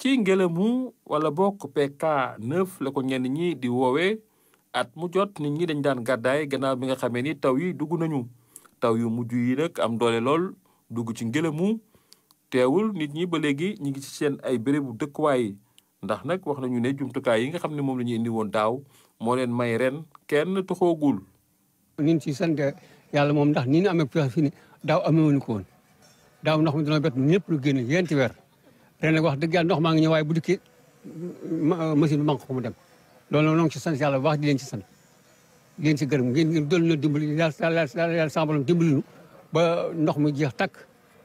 ci ngelamu wala bokk PK9 la ko ñenn ñi di woowee at mu jot nit ñi dañ daan gàddaay gannaaw bi nga xamee ni taw yi dugg nañu taw yu mujj yi nag am doole lool dugg ci ngelamu teewul nit ñi ba léegi ñu ngi ci seen ay bérébu dëkkuwaay ndax nag wax nañu ne jumtukaay yi nga xam ne moom lañuy ñu indi woon daaw moo leen may ren kenn taxoogul. ñu ngi ciy sant yàlla moom ndax ni ñu amee fi ne daaw amee wuñu ko woon daaw ndax mu dina bett ñëpp lu génn yenti weer ren nag wax dëgg yàlla maa ngi ñëw waaye bu dikkee machine bi manqué mu dem loolu nag ci sant yàlla baax di leen ci sant di ci gërëm ngeen ngeen doon na dimbali yàlla yàlla sàmbalam dimbali nu ba ndox mu jeex takk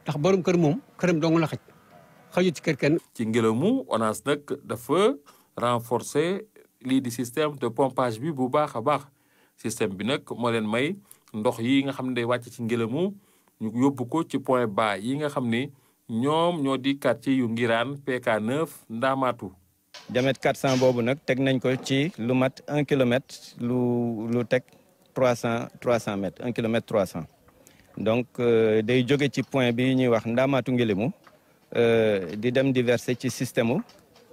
ndax borom kër moom këram dong la xaj ci kër ci ngelaw mu ONAS nag dafa renforcer lii di système de pompage bi bu baax a baax système bi nag moo leen may ndox yi nga xam ne day wàcc ci ngelaw mu ñu yóbbu ko ci point bas yi nga xam ni. ñoom ñoo di quartier yu Ngiraan PK9 Ndaamaatu. diamètre 400 boobu nag teg nañ ko ci lu mat un kilomètre lu lu teg 300 300 mètres 1 kilomètre 300 donc euh, day joge ci point bi ñuy wax Ndaamaatu Ngilimu euh, di dem di verser ci système mu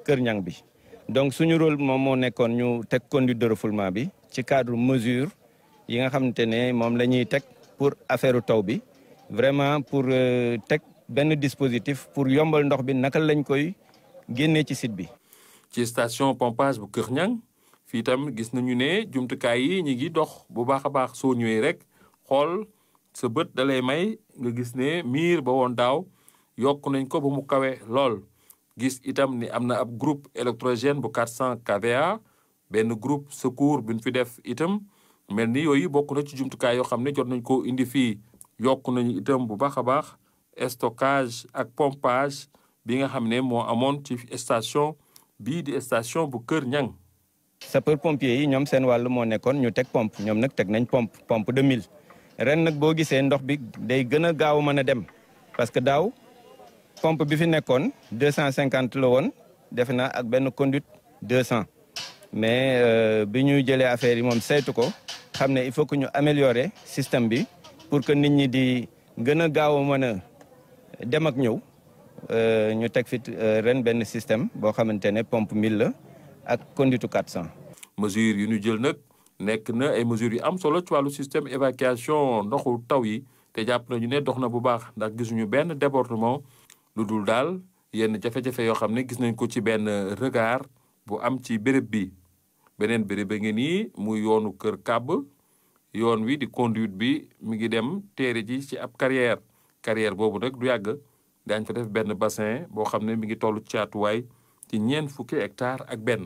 Kër Ñang bi. donc suñu rôle moom moo nekkoon ñu teg conduite de refoulement bi ci cadre mesure yi nga xamante ne moom la ñuy teg pour affaire taw bi vraiment pour euh, teg. benn dispositif pour yombal ndox bi naka lañ koy génnee ci sit bi. ci station pompage bu Kër Niang fii tam gis nañu ne jumtukaay yi ñu ngi dox bu baax a baax soo ñëwee rek xool sa bët dalay may nga gis ne miir ba woon daaw yokk nañ ko ba mu kawee lool. gis itam ni am na ab groupe électrogène bu 400 kVA benn groupe secours bu ñu fi def itam mel ni yooyu bokk na ci jumtukaay yoo xam ne jot nañ ko indi fii yokk nañu itam bu baax a baax. stockage ak pompage bi nga xam ne moo amoon ci station bii di station bu Kër Ñang sapeur pompier yi ñoom seen wàll moo nekkoon ñu teg pompe ñoom nag teg nañ pompe pompe de mille ren nag boo gisee ndox bi day gën a gaaw mën a dem parce que daaw pompe bi fi nekkoon deux cent cinquante la woon defe naa ak benn conduite deux cent mais euh, bi ñuy jëlee affaire yi moom saytu ko xam ne il faut que ñu améliorer système bi pour que nit ñi di gën a gaaw a mën a dem ak ñëw euh, ñu teg fit euh, ren benn système boo xamante ne pompe mille la ak conduite 400. mesures yu ñu jël nag nekk na ay mesures yu am solo ci wàllu système évacuation ndoxu taw yi te jàpp nañu ne dox na bu baax ndax gisuñu benn débordement lu dul daal yenn jafe-jafe yoo xam ne gis nañ ko ci benn regard bu am ci béréb bi beneen béréb a ngi nii mu yoonu kër kàbb yoon wi di conduite bi mi ngi dem téere ji ci ab carrière carrière boobu nag du yàgg daañ ko def benn bassin boo xam ne mi ngi tollu caatuwaay ci ñeent fukki hectare ak benn